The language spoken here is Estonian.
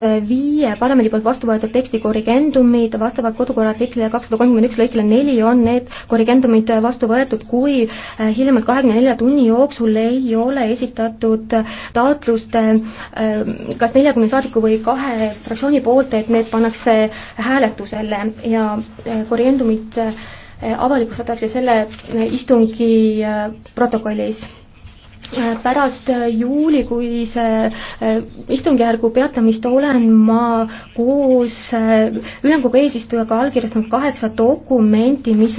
Äh, viie parlamendi poolt vastu võetud teksti korrigendumid vastavalt kodukorra artiklile kakssada kolmkümmend üks lõikele neli on need korrigendumid äh, vastu võetud, kui äh, hiljemalt kahekümne nelja tunni jooksul ei ole esitatud taotlust kas neljakümne saadiku või kahe fraktsiooni poolt, et need pannakse hääletusele ja korrigendumid avalikustatakse selle istungi protokollis Äh, pärast äh, juulikuise äh, istungjärgu peatamist olen ma koos ülemkogu eesistujaga allkirjastanud kaheksa dokumenti, mis